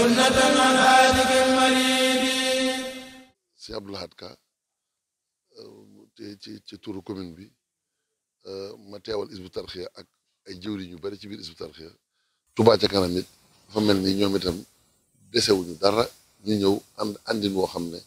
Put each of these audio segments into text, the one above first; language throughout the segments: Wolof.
sunnatan an haadihi ci ci turu commune bi euh, ma teewal isbu tarxiya ak ay jëwriñ yu bari ci biir isbu tarxiya Touba ca kanam it dafa mel ni ñoom itam desewuñu dara ñu ñëw ànd àndin woo xam ne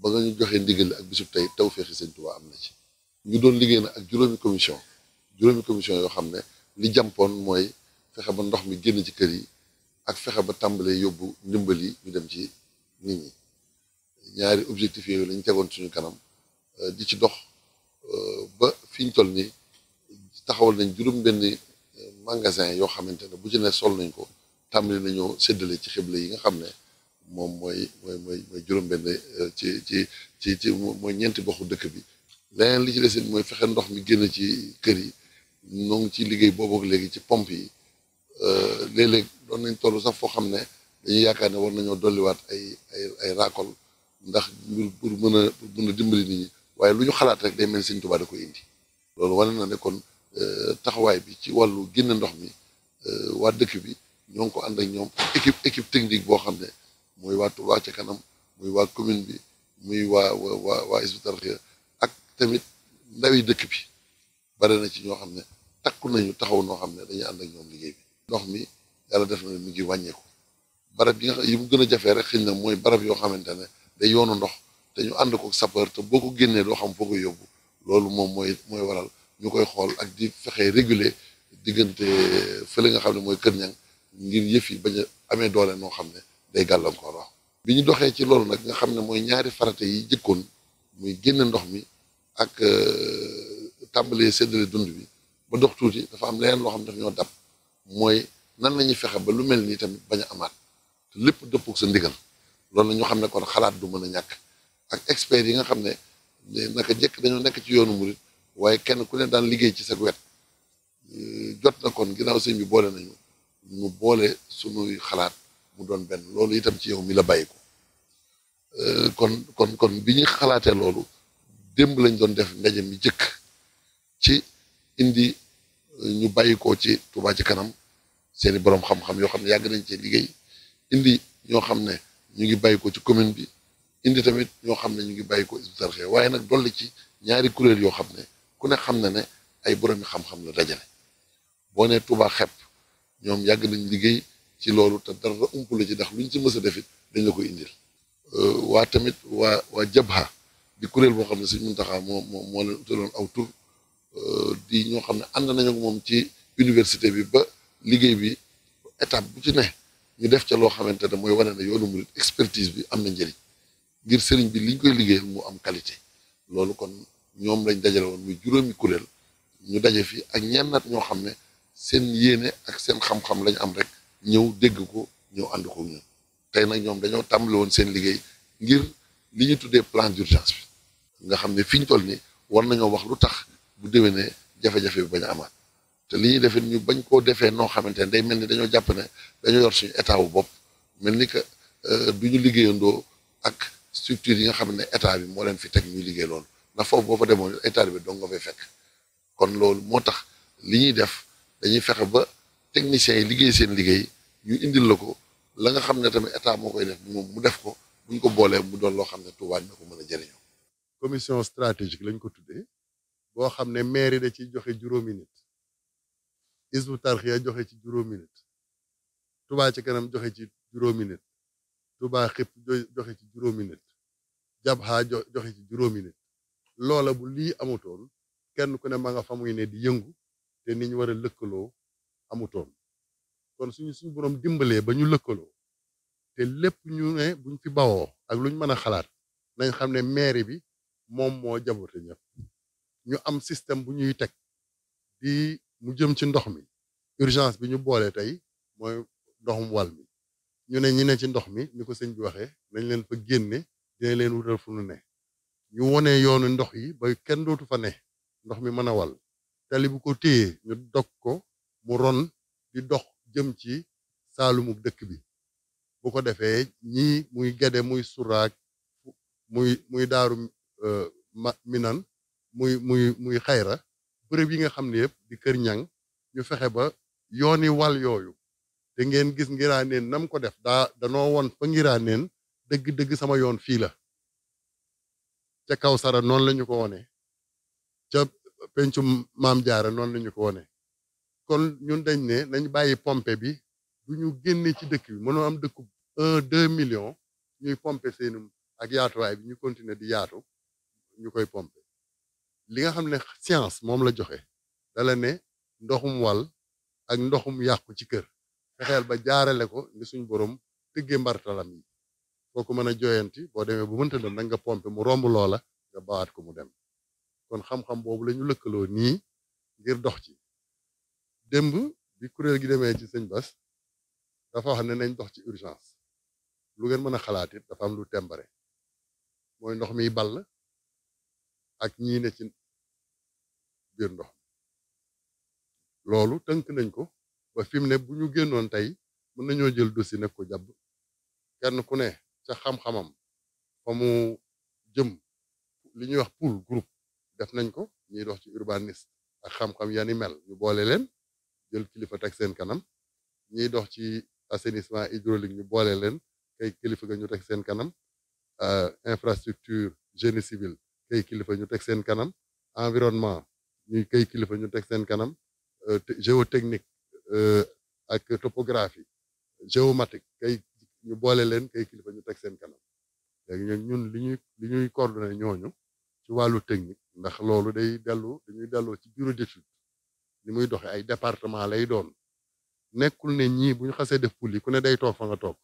ba nga ñu joxee ndigal ak bisub tey taw feexi sëñ Touba am na ci ñu doon liggéey na ak juróomi commission juróomi commission yoo xam ne li jampoon mooy fexe ba ndox mi génn ci kër yi ak fexe ba tàmbalee yóbbu ndimbal yi ñu dem ci nit ñi ñaari objectif yooyu lañ tegoon suñu kanam euh, di ci dox euh, ba fi ñu toll nii taxawal nañ juróom benn euh, magasin yoo xamante ne bu ci ne sol nañ ko tàmbali nañoo séddale ci xibla yi nga xam ne moom mooy mooy mooy mooy juróom benn ci ci ci ci mooy ñeenti boxu dëkk bi leneen li ci desit mooy fexe ndox mi génn ci kër yi ñoo ngi ci liggéey boobu léegi ci pompe yi léeg doon nañ toll sax foo xam ne dañuy yaakaar ne war nañoo dolliwaat ay ay ay récolte ndax mbir pour mën a pour mën a dimbali nit ñi waaye lu ñu xalaat rek day mel Sëñ Tuubaa da koy indi loolu wane na ne kon euh, taxawaay bi ci wàllu génne ndox mi euh, waa dëkk bi ñoo ngi ko ànd ak ñoom équipe équipe technique boo xam ne muy waa Tuubaa ca kanam muy waa commune bi muy waa waa waa Hizbut Tarqiyyah ak tamit ndawi dëkk bi bare na ci ñoo xam ne takku nañu taxaw noo xam ne dañuy ànd ak ñoom liggéey bi ndox mi yàlla def na mi ngi wàññeeku barab yi nga yi mu gën a jafee rek xëy na mooy barab yoo xamante ne day yoonu ndox te ñu ànd ko sapeur te boo ko génnee doo xam foo koy yóbbu loolu moom mooy mooy waral ñu koy xool ak di fexee réguler diggante fële nga xam ne mooy Kër Ñang ngir yëf yi bañ a amee doole noo xam ne day gàllankoor wax bi ñu doxee ci loolu nag nga xam ne mooy ñaari farate yi jëkkoon muy génne ndox mi ak euh, tàmbalee séddale dund bi ba dox tuuti dafa am leneen loo xam ne daf ñoo dab mooy nan la ñuy fexe ba lu mel nii tamit bañ a amaat lépp dëppoo sa ndigal loolu la ñu xam ne kon xalaat du mën a ñàkk ak experts yi nga xam ne naka jëkk dañoo nekk ci yoonu murit waaye kenn ku ne daan liggéey ci sa wet jot na kon ginnaaw sëñ bi boole nañu mu boole sunuy xalaat mu doon benn loolu itam ci yow mi la bàyyi euh, kon kon kon bi ñu xalaatee loolu démb lañ doon def ndaje mi jëkk ci indi ñu bàyyi ko ci Touba ci kanam seeni borom xam-xam yoo xam ne yàgg nañ cee liggéey indi ñoo xam ne ñu ngi bàyyi ci commune bi indi tamit ñoo xam ne ñu ngi bàyyi ko Hizbut Tarqiyyah waaye nag dolli ci ñaari kuréel yoo xam ne ku ne xam na ne ay boroomi xam-xam la dajale boo nee Touba xepp ñoom yàgg nañ liggéey ci loolu te dara ump la ci ndax luñ ci mës a defit dañ la koy indil euh, waa tamit waa waa Jabha di kuréel boo xam ne Sëriñ Muntaxa moo moo moo leen utaloon aw tur euh, di ñoo xam ne na nañu moom ci université bi ba liggéey bi étape bu ci ne ñu def ca loo xamante ne mooy wane na yoonu murit expertise bi am na njëriñ ngir sëriñ bi liñ koy liggéeyal mu am qualité loolu kon ñoom lañ dajale woon muy juróomi kuréel ñu daje fi ak nat ñoo xam ne seen yéene ak seen xam-xam lañ am rek ñëw dégg ko ñëw ànd ko ñun tey nag ñoom dañoo tàmbali woon seen liggéey ngir li ñu tuddee plan d'urgence bi nga xam ne fi ñu toll ni war nañoo wax lu tax bu déwénee jafe-jafe bi bañ amaat te li ñuy defee ñu bañ koo defee noo xamante ne day mel ni dañoo jàpp ne dañoo yor suñu état wu bopp mel ni que euh, du ñu liggéeyandoo ak structure yi nga xam ne état bi moo leen fi teg ñuy liggéey loolu ndax foofu boo fa demoon ay bi dong nga fay fekk kon loolu moo tax li ñuy def dañuy fexe ba techniciens yi liggéey seen liggéey ñu indil la ko la nga xam ne tamit état moo koy def moom mu def ko bu ñu ko boolee mu doon loo xam ne Touba dina ko mën a jëriñoo. commission stratégique lañ ko tuddee boo xam ne mairie da ciy joxe juróomi nit. isbu tarxiya joxe ci juróomi nit tubaa ci kanam joxe ci juróomi nit tubaa xëpp joxe ci juróomi nit joxe ci juróomi nit loola bu lii amutoon kenn ku ne ma nga fa ne di yëngu te ni ñu war a lëkkaloo amutoon kon suñu suñu borom dimbalee ba ñu lëkkaloo te lépp ñu ne buñ fi bawoo ak luñ mën a xalaat nañ xam ne mairie bi moom moo jabote ñëpp ñu am système bu ñuy teg di mu jëm ci ndox mi urgence bi ñu boole tey mooy ndoxum wal mi ñu ne ñi ne ci ndox mi ni ko sëñ bi waxee nañ leen fa génne dina leen wutal fu nu ne ñu wone yoonu ndox yi ba kenn dootu fa ne ndox mi mën a wal tali bu ko téye ñu dog ko mu ron di dox jëm ci saalumu dëkk bi bu ko defee ñii muy gede muy suraak muy muy daaru euh, minan muy muy muy xayra bërëb yi nga xam ne yëpp di kër ñang ñu fexe ba yooni wal yooyu te ngeen gis ngiraa neen nam ko def daa danoo woon fa ngiraa neen dëgg-dëgg sama yoon fii la ca kaw sara noonu la ñu ko wone ca pencu maam jaara noonu la ñu ko wone kon ñun dañ ne nañ bàyyi pompe bi du ñu génne ci dëkk bi mënoo am dëkku un deux millions ñuy pompe seenum ak yaatuwaay bi ñu continuer di yaatu ñu koy pompe li nga xam ne science moom la joxe dala ne ndoxum wal ak ndoxum yàqu ci kër fexeel ba jaarale ko ni suñ borom tëggee mbartalam yi foo ko mën a joyanti boo demee bu mënta dem nag nga pompe mu romb loola nga bawaat ko mu dem kon xam-xam boobu lañu lëkkaloo nii ngir dox ci démb bi kuréel gi demee ci sëñ Bas dafa xam ne nañ dox ci urgence lu ngeen mën a xalaat dafa am lu tembare mooy ndox mi ball ak ñii ci biir ndox loolu tënk nañ ko wa fi mu ne bu ñu génnoon tey mën nañoo jël dossier nekk ko jàpp kenn ku ne ca xam-xamam fa jëm li ñuy wax pool group def nañ ko ñuy dox ci urbaniste ak xam-xam yani mel ñu boole leen jël kilifa teg seen kanam ñiy dox ci assainissement hydraulique ñu boole leen kay kilifa ga ñu teg seen kanam euh, infrastructure génie civil kay kilifa ñu teg seen kanam environnement ñuy kay kilifa ñu teg seen kanam euh, géotechnique euh, ak topographie géomatique kay ñu boole leen kay kilifa ñu teg seen kanam léegi ñun li ñuy li ñuy coordonné ñooñu ci wàllu technique ndax loolu day dellu dañuy delloo ci bureau d'étude ni muy doxe ay département lay doon nekkul ne ñii bu ñu xasee def pul ku ne day toog fa nga toog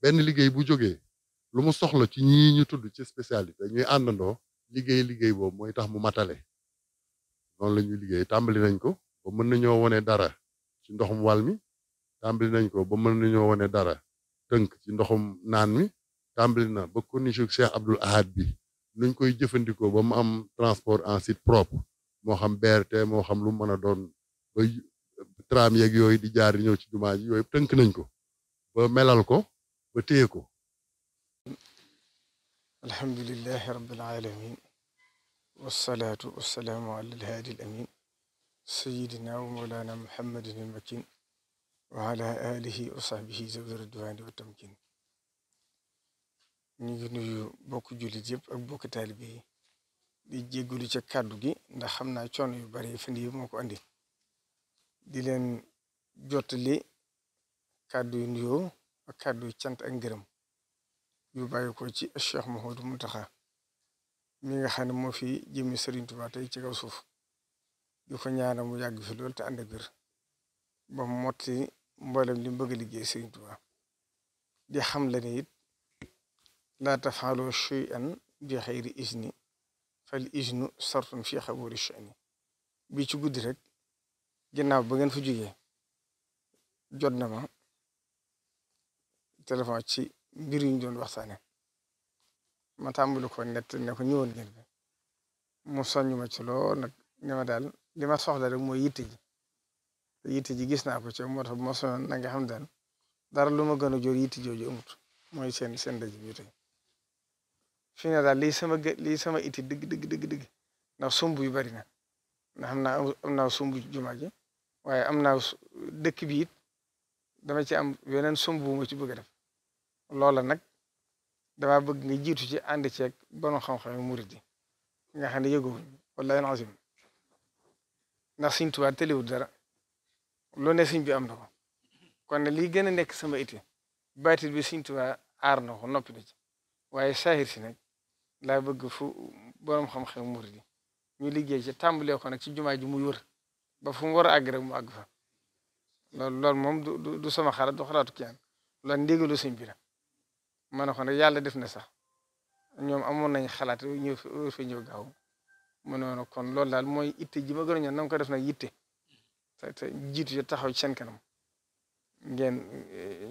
benn liggéey bu jógee lu mu soxla ci ñii ñu tudd ci spécialité ñuy àndandoo liggéey liggéey boobu mooy tax mu matale noonu la ñuy liggéey tàmbali nañ ko ba mën nañoo wone dara ci ndoxum wal mi tàmbali nañ ko ba mën nañu wone dara tënk ci ndoxum naan mi tàmbali na ba corniche u Cheikh Abdoul Ahad bi nuñ koy jëfandikoo ba mu am transport en site propre moo xam BRT moo xam lu mën a doon ba tram yeeg yooyu di jaar ñëw ci jumaa ji yooyu tënk nañ ko ba melal ko ba téye alhamdulilahi rabbil alamin wasalaatu wasalaamu ala alhaadi al amin sayidina wa mawlana muhammadin al makin wa ala alihi wa sahbihi zawdi ridwaani wa tamkin ñu ngi nuyu bokk jullit yëpp ak bokk taalibe yi di jéggulu ca kàddu gi ndax xam naa coono yu bari fan yi moo ko andi di leen jottali kàddu yu nuyoo ak kàddu yu cant ak ngërëm yu bàyyi ko ci Cheikh Mouhamadou Mountakha mi nga xam ne moo fi jëmmi Serigne Touba tey ci kaw suuf di ko ñaanal mu yàgg fi lool te ànd ak ba mu motti mboolem li mu bëgg liggéey Serigne di xam la ne it laa tafaalu shay'an bi xayri isni fal isnu sartun fi xaburi shani bi ci guddi rek ginnaaw ba ngeen fa jógee jot na ma téléphone ci mbir yu ñu doon waxtaane ma tàmbali ko nett ne ko ñëwoon ngeen fi mu ma ci lool nag ne daal li ma soxla rek mooy yitte ji te ji gis naa ko ci moo tax bu ma soñoon na nga xam dara lu ma gën a jóor yitte jooju amut mooy seen seen daje bi tey fii daal lii sama lii sama itti dëgg dëgg dëgg dëgg ndax sumb yu bari na ndax xam naa sumb juma ji waaye am na dëkk bi it dama ci am yeneen sumb bu ma ci bëgg a def loola nag dama bëgg nga jiitu ci ànd ceeg borom xam-xam yi murid yi nga xam ne yëgul wallahi azim ndax Sëñ Tuubaa tëliwul dara loo ne sëñ bi am na ko kon ne lii gën a nekk sama iti baatit bi Sëñ Tuubaa aar na ko noppi na ci waaye saahir si nag laa bëgg fu borom xam-xam yi murid ñu liggéey ci tàmbalee ko nag ci jumaa ji muy ba fu war a àgg mu àgg fa loolu loolu moom du du sama xalaat du xalaatu kenn loolu ndigalu sëñ bi la ma ne ko nag yàlla def na sax ñoom amoon nañ xalaat ñëw fa ñëw gaaw mu ne kon loolu daal mooy itte ji ma gën a ñor na def nag yitte te te jiitu ji taxaw ci seen kanam ngeen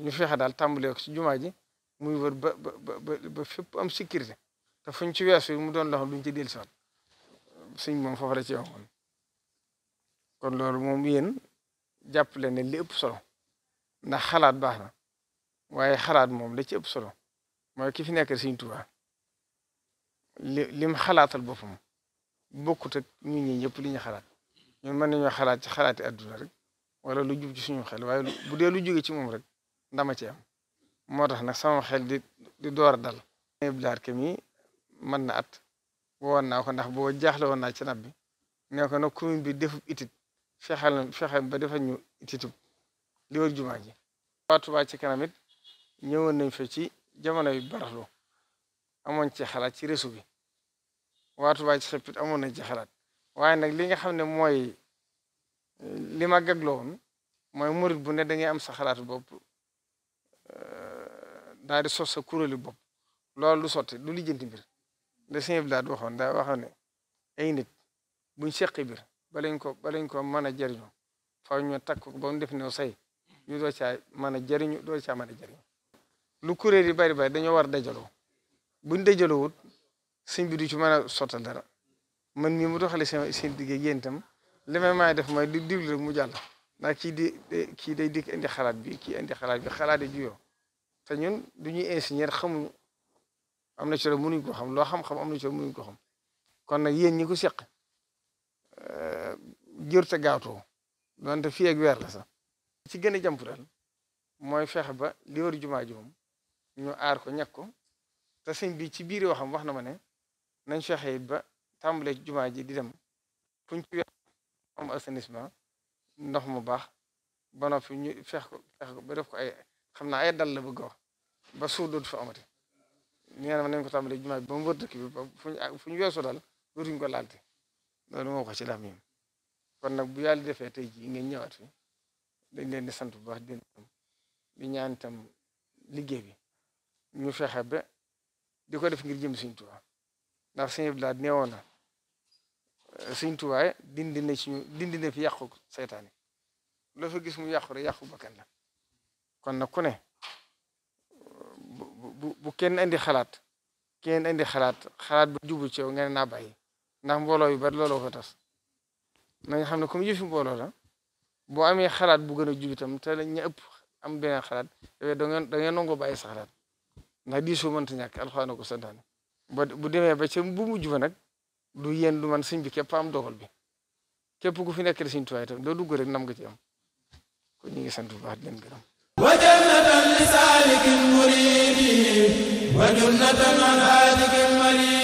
ñu fexe daal tàmbalee ko ci jumaa ji muy wër ba ba ba ba fépp am sécurité te fuñ ci weesu mu doon loo xam ci ci dellusiwaat suñ moom foofu la ci waxoon kon loolu moom yéen jàpp leen ne li ëpp solo ndax xalaat baax na waaye xalaat moom la ci ëpp solo. mooy ki fi nekkal Sëriñ Tuubaa lim xalaatal boppam bokkut ak ñun ñi ñëpp li ñu xalaat ñun mën nañoo xalaat ci xalaati adduna rek wala lu jub ci suñu xel waaye bu dee lu jóge ci moom rek ndama ci am moo tax nag sama xel di di door dal. Blaar ke mi mën na at woon naa ko ndax boo jaaxle woon naa ci nab bi ne ko nag commune bi defub itit fexeel na fexeel ba defal ñu ititub li wër jumaa ji. Waa ci kanamit it nañ fa ci. jamono yu baraxlu amoon ci xalaat ci réseau bi waa Touba ci xeppit amoon nañ ci xalaat waaye nag li nga xam ne mooy li ma gagloo mooy murit bu ne dangay am sa xalaatu bopp eh, daal sos sa kuréelu bopp loolu lu sotti du lijjanti mbir da sëñ bi daal waxoon daa waxoon ne ay nit buñ seqi biir balañ ko balañ ko mën a jariñu faw ñu takk ko ba mu def ne say ñu doo caa mën a jariñu doo caa mën a lu kuréel yi bari bari dañoo war dajaloo buñ dajaloo wut sëñ bi du ci mën a sottal dara man mii mu doxale seen seen diggéey yéen itam li def mooy di diglu rek mu jàll ndax kii di kii day dikk indi xalaat bi kii indi xalaat bi xalaat yi yoo te ñun du ñuy ingénieur xamuñu am na ci la mënuñ ko xam loo xam-xam am na ci la mënuñ ko xam kon nag yéen ñi ko seq eh, jër te gaawtoo doonte fii ak weer la sax ci gën a jàmp daal mooy fexe ba li war jumaa ji moom ñu aar ko ñàkk ko bi ci biir waxam wax na ma ne nañ fexe ba tàmbalee ci jumaa ji di dem fuñ ci am assainissement ndox mu baax ba noppi ñu fex ko fex ko ba def ko ay xam naa ay dal la bëgg wax ba suuf dootu fa amati nee na nañ ko tàmbalee jumaa ji ba mu wër dëkk bi ba fu ñu weesu dal dootuñu ko laalte loolu moo ko ci lam kon nag bu yàlla defee tey jii ngeen ñëwaat fi dañ leen di sant bu baax di ñaan itam liggéey bi ñu fexe ba di ko def ngir jëm Sëñ Tuubaa ndax sëñ bi daal neewoon na Sëñ Tuubaa dindi ci ñu dindi na fi yàqu seytaane loo fa gis mu yàqu rek yàqu bakkan la kon nag ku ne bu bu kenn indi xalaat kenn indi xalaat xalaat bu jubu ci yow nga ne naa bàyyi ndax mbooloo yu bari looloo ko tas na nga xam ne comme yëfi mbooloo la boo amee xalaat bu gën a jub itam te la ñu ëpp am beneen xalaat yooyu da ngeen da ngeen nangoo bàyyi sa xalaat. na diisoo mënta ñàkk alxuraan na ko santaane bu demee ba ca bu mujj ba nag du yéen du man sëñ bi képp am dogal bi képp ku fi nekk di sëñ Tuubaa itam loo dugg nam nga ci am kon ñu ngi sant bu baax di gërëm wa jannatan li saalikin muridi wa jannatan an mari